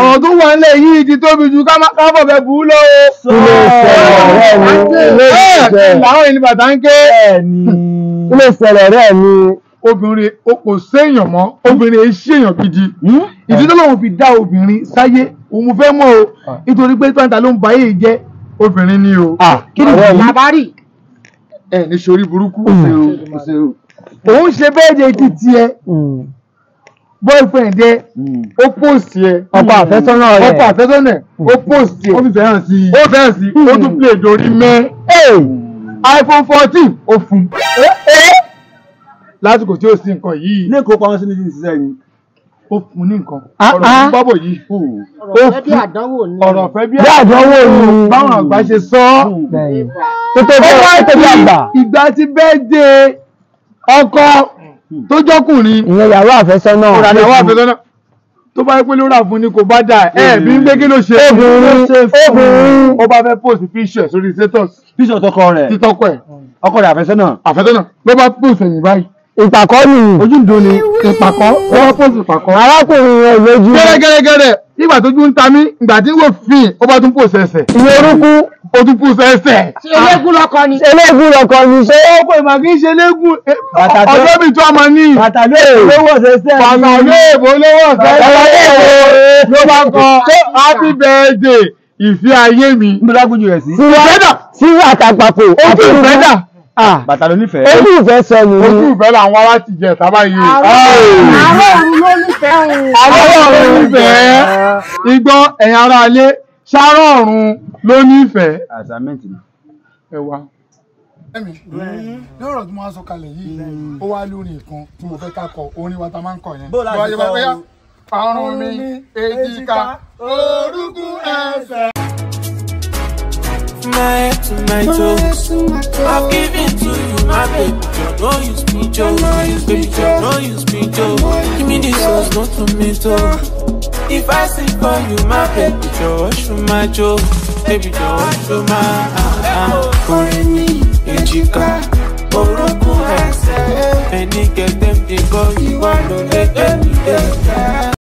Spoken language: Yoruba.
ọ̀rọ̀ tó wà nílẹ̀ yìí ti tóbi ju káfọ̀ bẹ bú lọ o. láwọn ẹni bàtà ń ké. ilé ìṣẹ̀lẹ̀ rẹ̀ ni. obìnrin kò séèyàn mọ́ obìnrin èyí séèyàn gidi hmm? ìdí tó lóun fi dá obìnrin sáyé òun fẹ́ mọ́ o ah. nítorí pé tọ́ńtà ló ń ba ayé jẹ́ obìnrin ni o. Ah, kí ni làbárì. ẹ ní sori burúkú. òun hmm. ṣe bẹ́ẹ̀ de ti tiẹ̀ boyfriend ẹ hmm. ó post ẹ hmm. ọkọ àfẹ́sọ́nà ẹ ọkọ àfẹ́sọ́nà ẹ ó hmm. post ẹ ó fi fẹ́ràn sí i ó fẹ́ràn sí i ó tún play dorí mẹ́ iPhone fourteen ó fún lásìkò tí ó sí nǹkan yìí ní èkó pamọ́ sí ní ti ṣiṣẹ́ yìí ó fún ní nǹkan ah, ọ̀rọ̀ fún ah. yìí ó fún ọ̀rọ̀ fẹ́ bí àdánwò ni báwọn àgbà ṣe sọ ọ́ tó ìgbà tí bẹ́ẹ̀ de ọkọ tó jọkùnrin ìyẹn yàwó àfẹ́sọ́nà ọ̀rọ̀ yàwó àfẹ́sọ́nà tó bá yẹ pé ló rà fún ni kò bá dà ẹ bí ń gbé kí ló ṣe obìnrin ó bá fẹ́ post picture sórí status picture tọkọ rẹ̀ títọ́kọ ẹ̀ ọkọ rẹ̀ àfẹ́sọ́nà àfẹ́sọ́nà ló bá post ẹ̀yìn báyìí ìpàkọ́ ni ojúdo ni ìpàkọ́ ó bá post ìpàkọ́ arákùnrin rẹ̀ lójú gẹ́rẹ́gẹ́rẹ́ nígbà tójú ń ta mí ìgbà tí wò fín ó bá tún post ẹsẹ̀ ìyẹn orúkú ó sẹ́sẹ̀. ṣe eléégún lọkọ ni. ṣe eléégún lọkọ ni. ṣe ọkọ ìmọ̀ kì í ṣe eléégún ọjọ́ mi tó ọmọ ní. bàtà lóòbó sẹ́sẹ̀. bàtà lóòbó ló bá kọ happy birthday ìfẹ́ ayé mi. mo lágbójú rẹ̀ sí. síwájú síwájú àtàgbàpọ̀. ó ìfẹ́ dà ah. Ah. bàtà ló nífẹ̀ẹ́. ìfẹ́ sọ ni. ojú ìfẹ́ làwọn ará ti jẹ sábà yìí. àwọn ah. ọ̀run ló nífẹ̀ẹ́. àwọn sáró ló nífẹ̀ẹ́. àṣàmẹ́ǹtì ni. ẹ wá. ẹ̀mí ní ọ̀rọ̀ tí mo wá sọ kalẹ̀ yìí ó wá lórí nǹkan tí mo fẹ́ ká kọ orin wa ta máa ń kọ yẹn. bó láti kọ ọ́ mi èjìká orúkún ẹsẹ̀. My head to my toes, I've given to you my baby. No use me, speak Joe, baby. You know you speak Joe. Give me this sauce, no tomato. If I sing for you, my baby, jọ̀wọ́ my jó. Baby, jọ̀wọ́ ṣùmá. Orí mi, èjìká, orúnkún ẹsẹ̀. Ẹni gẹ̀dẹ̀ mi kọ́ ìwà you are gbẹ̀mí gẹ̀dẹ̀.